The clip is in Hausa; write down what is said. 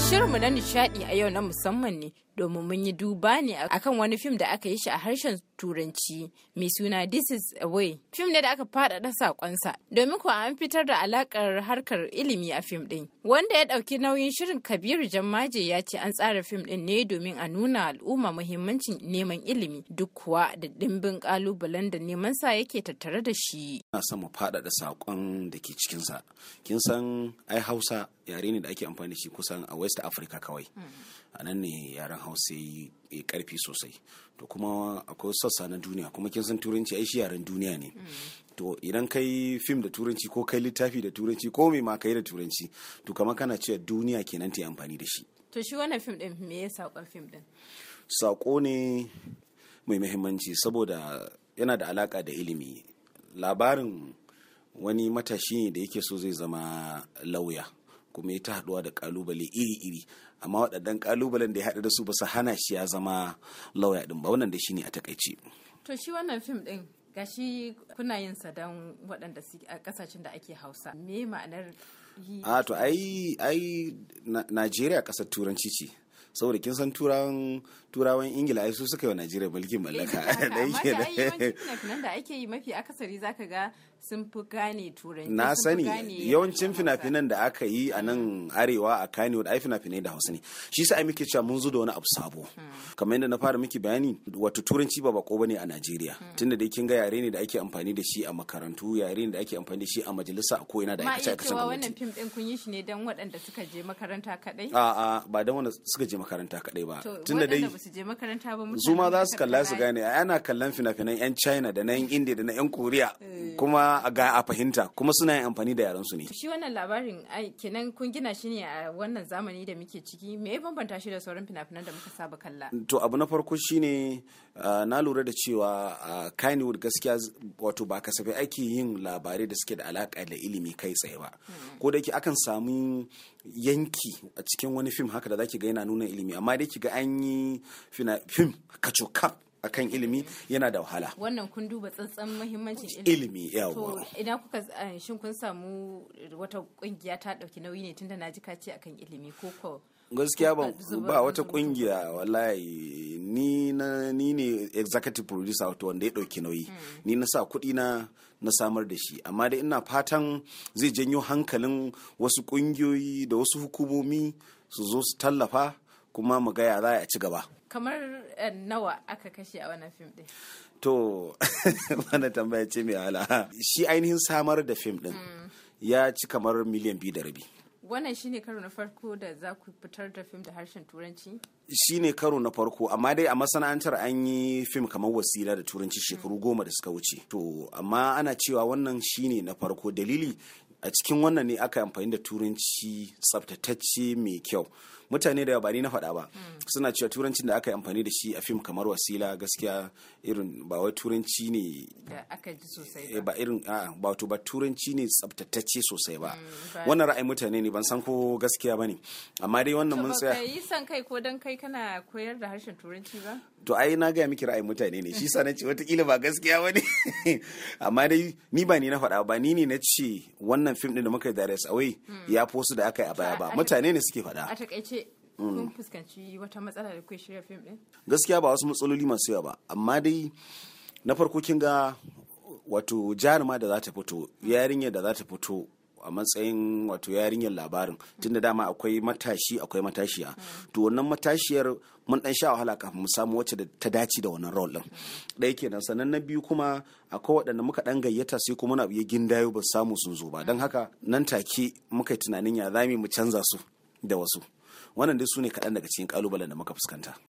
shirinmu na nishadi a yau na musamman ne domin mun yi duba ne akan wani fim da aka yi shi a harshen turanci mai suna This is a way. Fim ne da aka faɗaɗa saƙonsa domin kuwa an fitar da alaƙar harkar ilimi a fim ɗin. Wanda ya ɗauki nauyin shirin Kabiru Jammaje ya ce an tsara fim ɗin ne domin a nuna al'umma muhimmancin neman ilimi duk kuwa da ɗimbin ƙalubalen da neman sa yake tattare da shi. Ina son mu faɗaɗa saƙon da ke cikinsa. Kin san ai Hausa yare ne da ake amfani da shi kusan a West Africa kawai. Mm. A ne yaren hausa ya karfi sosai to kuma akwai sassa na duniya kuma kin san turanci ai shi yaren duniya ne to idan kai fim da turanci ko kai littafi da turanci ko mai ma kai da turanci to kama kana cewa duniya kenan ta yi amfani da shi to shi wannan fim din me ya saƙon fim din saƙo ne mai muhimmanci saboda yana da alaka da ilimi labarin wani matashi ne da yake so zai zama lauya kuma ya ta haduwa da kalubale iri-iri amma waɗannan kalubalen da ya haɗu da su ba su hana shi ya zama lauya ɗin ba wannan da shi ne a takaice. to shi wannan fim ɗin gashi kuna yin sa don waɗanda su a ƙasashen da ake hausa me ma'anar a to ai ai najeriya ƙasar turanci ce saboda kin san turawan turawan ingila ai su suka yi wa najeriya mulkin mallaka eh, da yake da da ake yi mafi akasari zaka ga sun fi gane turanci na sani yawancin fina-finan da aka yi a nan arewa a kano da ai fina-finai da hausa ne shi sa muke cewa mun zo da wani abu sabo hmm. kamar yadda na fara miki bayani wato turanci ba bako bane a najeriya hmm. tunda dai kin ga yare ne da ake amfani da shi a makarantu yare ne da ake amfani da shi a majalisa a ko'ina da aikace aikace gwamnati wannan fim din kun yi shi ne dan waɗanda suka je makaranta kadai a a ba dan wanda suka je makaranta kadai ba tunda dai ba su je makaranta ba su ma za su kalla su gane ana kallon fina-finan yan china da na yan india da na yan korea eh. kuma ga a fahimta kuma suna yin amfani da yaran su ne shi wannan labarin kenan kun gina shi ne a wannan zamani da muke ciki me ya bambanta shi da sauran fina-finan da muka saba kalla to abu na farko shine na lura da cewa Kannywood gaskiya wato ba kasafai ake yin labarai da suke da alaka da ilimi kai tsaye ba hmm. ko da yake akan samu yanki a cikin wani fim haka da zaki ga yana nuna ilimi amma da ki ga an yi fim kacokap akan ilimi yana da wahala wannan kun duba tsantsan muhimmancin ilimi yawa idan kuka shin kun samu wata kungiya ta dauki nauyi ne tunda naji ka ce akan ilimi ko ko gaskiya ba ba wata kungiya wallahi ni na ni ne executive producer wato wanda ya dauki nauyi hmm. ni na sa kuɗi na na samar da shi amma dai ina fatan zai janyo hankalin wasu kungiyoyi da wasu hukumomi su zo su tallafa kuma mu ga ya za a ci gaba kamar eh, nawa aka kashe a wannan fim din to wannan tambaya ce mai hala shi ainihin samar da fim din mm. ya ci kamar miliyan biyu da rabi wannan shine karo na farko da za ku fitar da fim da harshen turanci shine karo na farko amma dai a masana'antar an yi fim kamar wasila da turanci mm. shekaru goma da suka wuce to amma ana cewa wannan shine na farko dalili a cikin wannan ne aka amfani da turanci tsaftatacce mai kyau mutane da ba ni na faɗa ba hmm. suna cewa turancin da aka yi amfani da shi a fim kamar wasila gaskiya irin ba wai turanci ne eh, ba irin ba wato ba turanci ne tsaftatacce sosai ba hmm, wannan ra'ayin mutane ne ban san ko gaskiya ba ne amma dai wannan mun tsaya yi san kai ko dan kai kana koyar da harshen turanci ba to ai na gaya miki ra'ayin mutane ne shi sa na ce watakila ba gaskiya ba ne amma dai ni ba ni na faɗa ba ni ne na ce wannan fim din da muka yi da away hmm. ya fi wasu da aka yi a baya ba mutane ne suke faɗa a takaice Mm. kun fuskanci wata matsala da shirya fim din gaskiya ba wasu matsaloli masu yawa ba amma dai na farko kin ga wato jaruma da za ta fito yarinya da za ta fito a matsayin wato yarinyar labarin tunda dama akwai matashi akwai matashiya to wannan matashiyar mun dan sha wahala kafin mu samu wacce da ta dace da wannan role din ɗaya kenan sannan na biyu kuma akwai waɗanda muka dan gayyata sai kuma na biye gindayo ba samu sun zo ba dan haka nan take muka yi tunanin ya zami mu canza su da wasu wannan dai su ne kaɗan daga cikin ƙalubalen da muka fuskanta